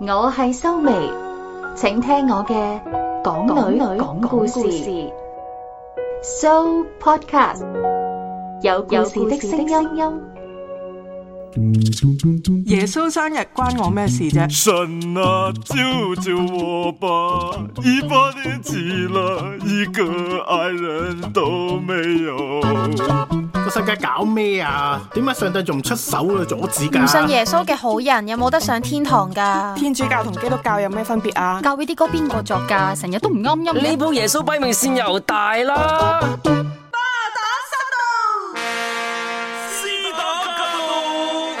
我係修眉，請聽我嘅講女女講故事。So podcast 有故事的聲音。耶穌生日關我咩事啫？神啊，救救我吧。一把年紀啦，一個愛人都沒有。世界搞咩啊？點解上帝仲唔出手去、啊、阻止噶？唔信耶穌嘅好人有冇得上天堂噶？天主教同基督教有咩分別啊？教會啲歌邊個作噶？成日都唔啱音。呢部耶穌擺命線又大啦！巴打沙到，打禱告，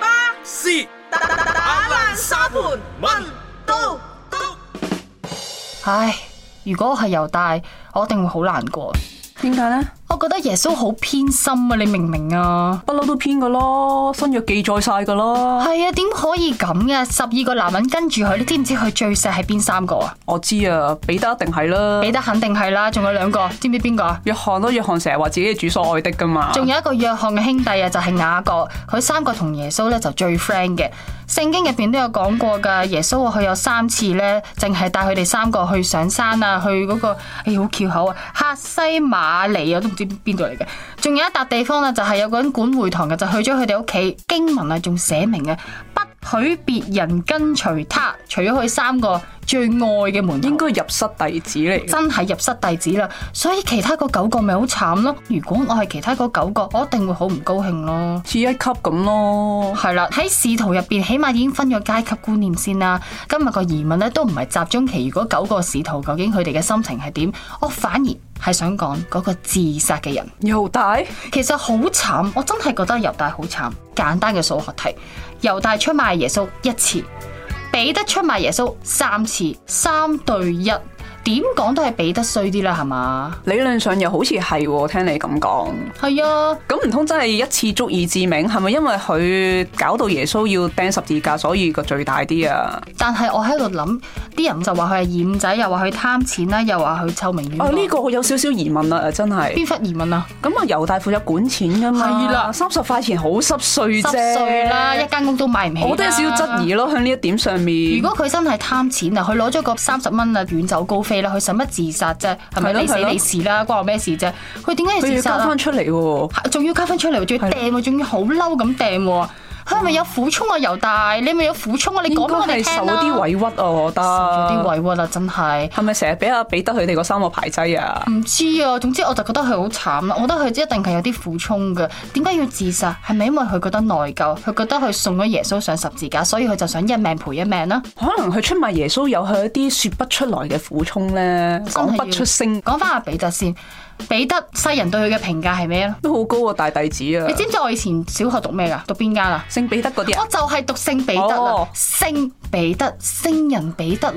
巴是打打爛沙盤，問到篤。唉，如果係猶大，我一定會好難過。點解呢？我覺得耶穌好偏心啊！你明唔明啊？不嬲都偏噶啦，新約記載晒噶啦。係啊，點可以咁嘅啊？十二個男人跟住佢，你知唔知佢最錫係邊三個啊？我知啊，彼得一定係啦，彼得肯定係啦，仲有兩個，知唔知邊個啊？約翰咯，約翰成日話自己係主所愛的噶嘛。仲有一個約翰嘅兄弟啊，就係雅各，佢三個同耶穌咧就最 friend 嘅，聖經入邊都有講過噶。耶穌佢有三次咧，淨係帶佢哋三個去上山啊，去嗰個，哎，好拗口啊，客西馬尼啊，都唔知。邊個嚟嘅？仲有一笪地方咧，就係有個人管會堂嘅，就去咗佢哋屋企。經文啊，仲寫明啊，不許別人跟隨他，除咗佢三個最愛嘅門徒。應該入室弟子嚟，真係入室弟子啦。所以其他嗰九個咪好慘咯。如果我係其他嗰九個，我一定會好唔高興咯。似一級咁咯，係啦。喺使徒入邊，起碼已經分咗階級觀念先啦。今日個疑問咧，都唔係集中期。如果九個使徒，究竟佢哋嘅心情係點？我反而。係想講嗰個自殺嘅人，猶大其實好慘，我真係覺得猶大好慘。簡單嘅數學題，猶大出賣耶穌一次，彼得出賣耶穌三次，三對一。點講都係俾得衰啲啦，係嘛？理論上又好似係，聽你咁講。係啊，咁唔通真係一次足以致命？係咪因為佢搞到耶穌要釘十字架，所以個罪大啲啊？但係我喺度諗，啲人就話佢係二五仔，又話佢貪錢啦，又話佢臭名遠，呢、啊呢個有少少疑問啦，真係。邊忽疑問 啊？咁啊，猶大負責管錢噶嘛？係啦，三十塊錢好濕碎啫。碎啦，一間屋都買唔起啦。有少少質疑咯，喺呢一點上面。如果佢真係貪錢啊，佢攞咗個三十蚊啊，遠走高飛。係啦，佢使乜自殺啫？係咪你死你事啦？關我咩事啫？佢點解要自殺？仲要加翻出嚟喎，仲要加翻出嚟，仲要掟，仲要好嬲咁掟喎。的佢係咪有苦衷啊？猶大，你咪有苦衷啊！你講我哋受啲委屈啊？我覺得受啲委屈啊，真係。係咪成日俾阿彼得佢哋嗰三個排擠啊？唔知啊，總之我就覺得佢好慘啊。我覺得佢一定係有啲苦衷㗎。點解要自殺？係咪因為佢覺得內疚？佢覺得佢送咗耶穌上十字架，所以佢就想一命賠一命啦，啊。可能佢出賣耶穌有佢一啲說不出嚟嘅苦衷咧，講不出聲。講翻阿彼得先。彼得，世人對佢嘅評價係咩咧？都好高啊，大弟子啊！你知唔知我以前小學讀咩噶？讀邊間啊？聖彼得嗰啲？我就係讀聖彼得啊，哦彼得聖人彼得，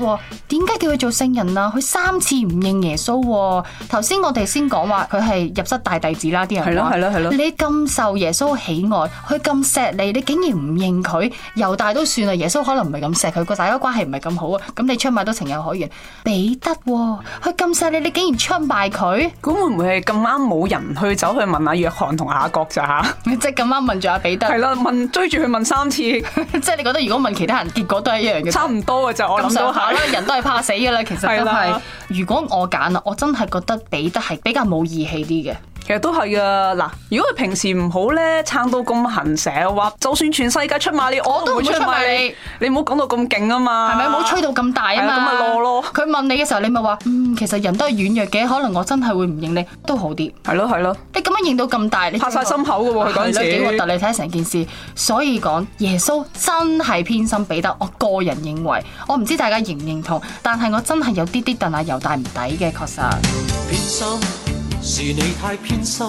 點解叫佢做聖人啊？佢三次唔認耶穌。頭先我哋先講話佢係入室大弟子啦，啲人話係咯係咯係咯。你咁受耶穌喜愛，佢咁錫你，你竟然唔認佢，猶大都算啦。耶穌可能唔係咁錫佢，個大家關係唔係咁好啊。咁你出賣都情有可原。彼得，佢咁錫你，你竟然出賣佢？咁會唔會係咁啱冇人去走去問下約翰同雅各咋嚇？即係咁啱問住阿彼得。係啦，問追住佢問三次，即係你覺得如果問其他人，結果都係。差唔多嘅就咁上下啦， 人都係怕死噶啦。其實都係。是的 如果我揀啊，我真係覺得彼得係比較冇義氣啲嘅。其實都係噶，嗱，如果佢平時唔好咧，撐到咁狠，成日話，就算全世界出賣你，我都也唔會出賣你。賣你你唔好講到咁勁啊嘛，係咪？唔好吹到咁大啊嘛。咁咪攞咯。佢問你嘅時候，你咪話，嗯，其實人都係軟弱嘅，可能我真係會唔認你，都好啲。係咯係咯。你咁樣認到咁大，你拍晒心口噶喎，簡直幾核突。你睇成件事，所以講耶穌真係偏心彼得。我個人認為，我唔知大家認唔認同，但係我真係有啲啲但係又大唔抵嘅，確實。是你太偏心，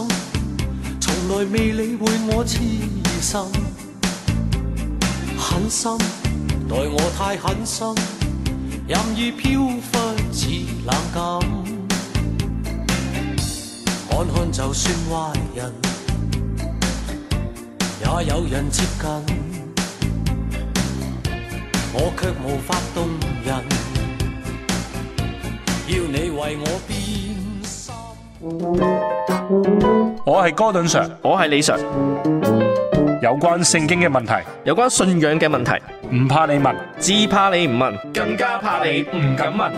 從來未理會我痴心，狠心待我太狠心，任意飄忽似冷感。看看就算壞人，也有人接近，我卻無法動人，要你為我變。我係哥頓 Sir，我係李 Sir。有關聖經嘅問題，有關信仰嘅問題，唔怕你問，只怕你唔問，更加怕你唔敢問。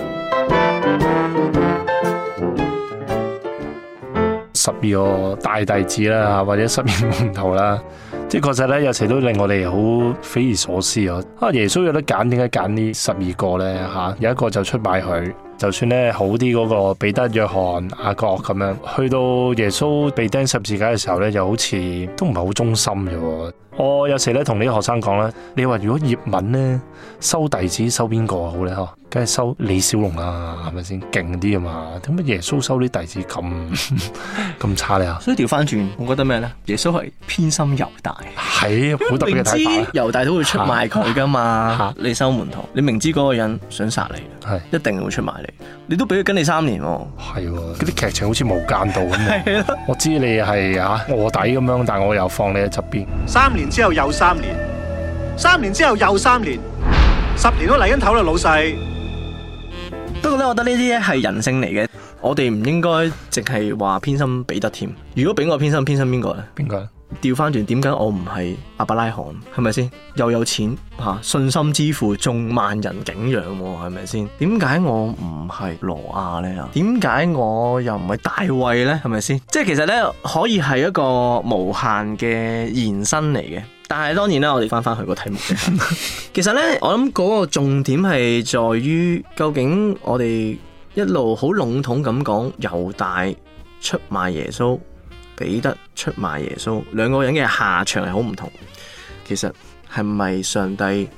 十二個大弟子啦，或者十二門徒啦，即係確實咧，有時都令我哋好匪夷所思哦。啊，耶穌有得揀，點解揀呢十二個咧？吓，有一個就出賣佢。就算呢好啲嗰個彼得、約翰、雅各咁樣，去到耶穌被釘十字架嘅時候呢，又好似都唔係好忠心啫喎。我有時咧同啲學生講啦。你話如果葉問咧收弟子收邊個好咧？嗬、哦，梗係收李小龍啊，係咪先勁啲啊嘛？點解耶穌收啲弟子咁咁 差咧？所以調翻轉，我覺得咩咧？耶穌係偏心猶大，係好特別嘅睇法。猶大都會出賣佢噶嘛？啊啊、你收門徒，你明知嗰個人想殺你，係是一定會出賣你。你都俾佢跟你三年、哦，係喎。嗰啲劇情好似無間道咁。的我知你係啊，臥底咁樣，但我又放你喺側邊、嗯、三年、嗯。三年之後又三年，三年之後又三年，十年都嚟緊頭啦，老細。不過咧，我覺得呢啲咧係人性嚟嘅，我哋唔應該淨係話偏心俾得添。如果俾我偏心，偏心邊個咧？邊個？調翻轉，點解我唔係阿伯拉罕？係咪先又有錢吓、啊？信心之父眾萬人景仰、啊，係咪先？點解我唔係羅亞咧？點解我又唔係大衛呢？係咪先？即係其實呢，可以係一個無限嘅延伸嚟嘅。但係當然啦，我哋翻翻去個題目嘅。 其實呢，我諗嗰個重點係在於，究竟我哋一路好籠統咁講猶大出賣耶穌。彼得出賣耶穌，兩個人嘅下場係好唔同。其實係咪上帝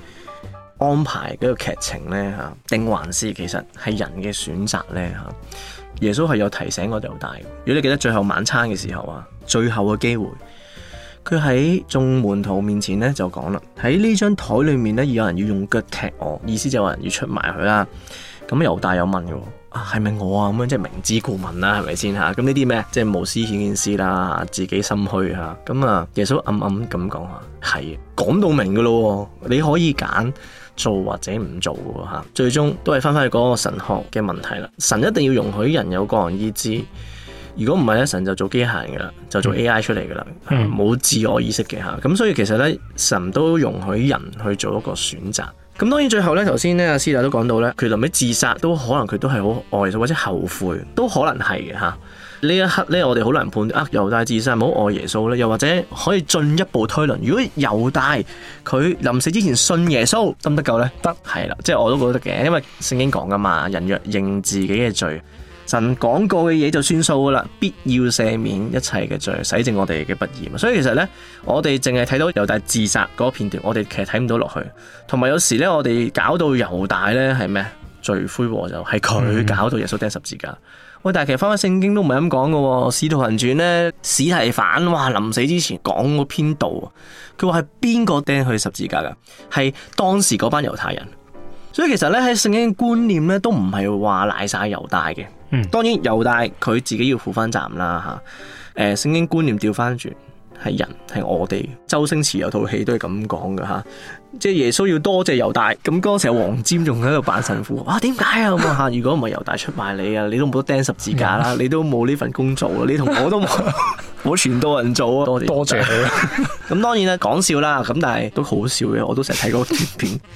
安排嗰個劇情呢？嚇，定還是其實係人嘅選擇呢？嚇，耶穌係有提醒我哋好大。如果你記得最後晚餐嘅時候啊，最後嘅機會，佢喺眾門徒面前呢就講啦，喺呢張台裏面呢，有人要用腳踢我，意思就有人要出賣佢啦。咁猶大有問嘅喎。係咪、啊、我啊？咁樣即係明知故問啦、啊，係咪先吓？咁呢啲咩？即係無私顯見私啦，自己心虛吓、啊。咁啊，耶穌暗暗咁講下，係講到明噶咯、啊。你可以揀做或者唔做噶吓、啊，最終都係翻翻去嗰個神學嘅問題啦。神一定要容許人有個人意志，如果唔係咧，神就做機械嘅啦，就做 AI 出嚟噶啦，冇、嗯、自我意識嘅吓、啊。咁所以其實咧，神都容許人去做一個選擇。咁當然最後咧，頭先咧阿師大都講到咧，佢臨尾自殺都可能佢都係好愛耶穌或者後悔，都可能係嘅吓。呢一刻咧，我哋好難判斷啊。猶大自殺唔好愛耶穌咧，又或者可以進一步推論，如果猶大佢臨死之前信耶穌，得唔得救咧？得，係啦，即係我都覺得嘅，因為聖經講㗎嘛，人若認自己嘅罪，神講過嘅嘢就算數噶啦，必要赦免一切嘅罪，洗淨我哋嘅不義。所以其實呢，我哋淨係睇到猶大自殺嗰片段，我哋其實睇唔到落去。同埋有時呢，我哋搞到猶大呢係咩罪魁禍首，係佢搞到耶穌釘十字架。喂，但係其實翻返聖經都唔係咁講嘅喎，《使徒行傳》呢，史提反哇臨死之前講嗰篇道，佢話係邊個釘去十字架㗎？係當時嗰班猶太人。所以其實呢，喺聖經嘅觀念呢，都唔係話賴晒猶大嘅。嗯，當然猶大佢自己要負翻責任啦嚇。誒、啊、聖經觀念調翻轉係人係我哋。周星馳有套戲都係咁講嘅嚇，即係耶穌要多謝猶大。咁嗰時候黃霑仲喺度扮神父，哇點解啊嚇、啊啊？如果唔係猶大出賣你啊，你都冇得釘十字架啦， 你都冇呢份工做啦。你同我全都冇，我傳道人做啊，多謝你。咁當然啦，講笑啦，咁但係都好笑嘅，我都成日睇嗰個短片。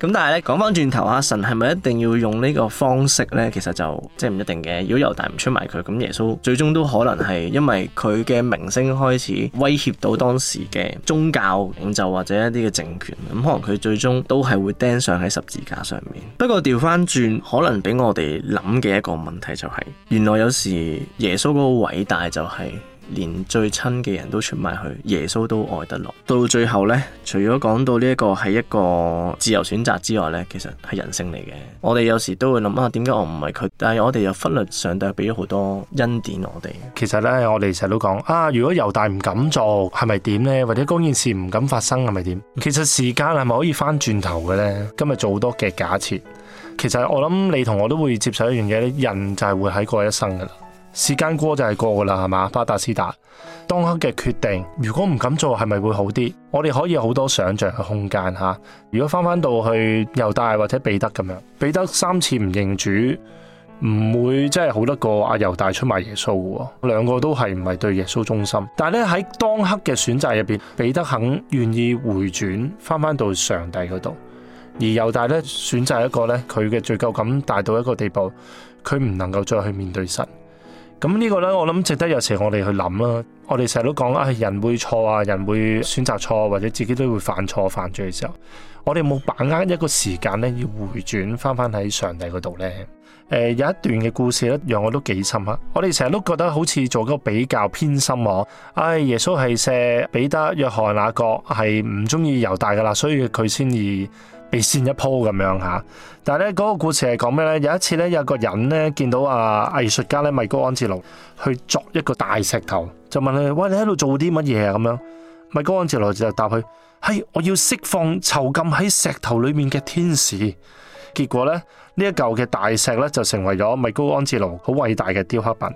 咁但係咧，講翻轉頭啊，神係咪一定要用呢個方式咧？其實就即係唔一定嘅。如果猶大唔出賣佢，咁耶穌最終都可能係因為佢嘅名聲開始威脅到當時嘅宗教領袖，或者一啲嘅政權，咁可能佢最終都係會釘上喺十字架上面。不過調翻轉，可能俾我哋諗嘅一個問題就係，原來有時耶穌嗰個偉大就係。連最親嘅人都傳埋去，耶穌都愛得落。到最後呢，除咗講到呢一個係一個自由選擇之外呢，其實係人性嚟嘅。我哋有時都會諗啊，點解我唔係佢？但係我哋又忽略上帝俾咗好多恩典我哋。其實呢，我哋成日都講啊，如果猶大唔敢做，係咪點呢？或者嗰件事唔敢發生，係咪點？其實時間係咪可以翻轉頭嘅呢？今日做好多嘅假設，其實我諗你同我都會接受一樣嘢，人就係會喺過一生噶啦。時間過就係過噶啦，係嘛？巴達斯達當刻嘅決定，如果唔敢做，係咪會好啲？我哋可以有好多想象嘅空間吓，啊。如果翻翻到去猶大或者彼得咁樣，彼得三次唔認主，唔會真係好得過阿猶大出賣耶穌嘅。兩個都係唔係對耶穌忠心，但係咧喺當刻嘅選擇入邊，彼得肯願意回轉翻翻到上帝嗰度，而猶大咧選擇一個咧佢嘅罪疚感大到一個地步，佢唔能夠再去面對神。咁呢個呢，我諗值得有時我哋去諗啦。我哋成日都講啊、哎，人會錯啊，人會選擇錯，或者自己都會犯錯、犯罪嘅時候，我哋冇把握一個時間呢要回轉翻翻喺上帝嗰度呢、呃。有一段嘅故事呢，讓我都幾深刻。我哋成日都覺得好似做一個比較偏心啊。唉、哎，耶穌係錫彼得、約翰那、雅各係唔中意猶大噶啦，所以佢先以。你一鋪咁樣吓，但係咧嗰個故事係講咩咧？有一次咧，有個人咧見到阿藝術家咧米高安哲羅去作一個大石頭，就問佢：，喂，你喺度做啲乜嘢啊？咁樣，米高安哲羅就答佢：，係、哎、我要釋放囚禁喺石頭裏面嘅天使。結果咧，呢一嚿嘅大石咧就成為咗米高安哲羅好偉大嘅雕刻品。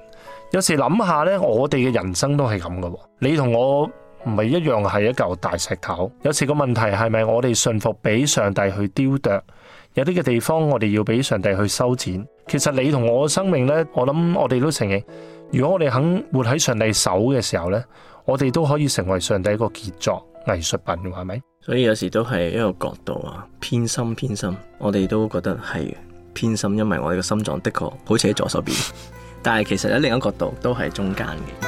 有時諗下咧，我哋嘅人生都係咁嘅。你同我？唔係一樣，係一嚿大石頭。有時個問題係咪我哋順服，俾上帝去雕琢？有啲嘅地方我哋要俾上帝去修剪。其實你同我嘅生命呢，我諗我哋都承認，如果我哋肯活喺上帝手嘅時候呢，我哋都可以成為上帝一個傑作、藝術品，係咪？所以有時都係一個角度啊，偏心偏心，我哋都覺得係偏心，因為我哋嘅心臟的確好似喺左手邊， 但係其實喺另一個角度都係中間嘅。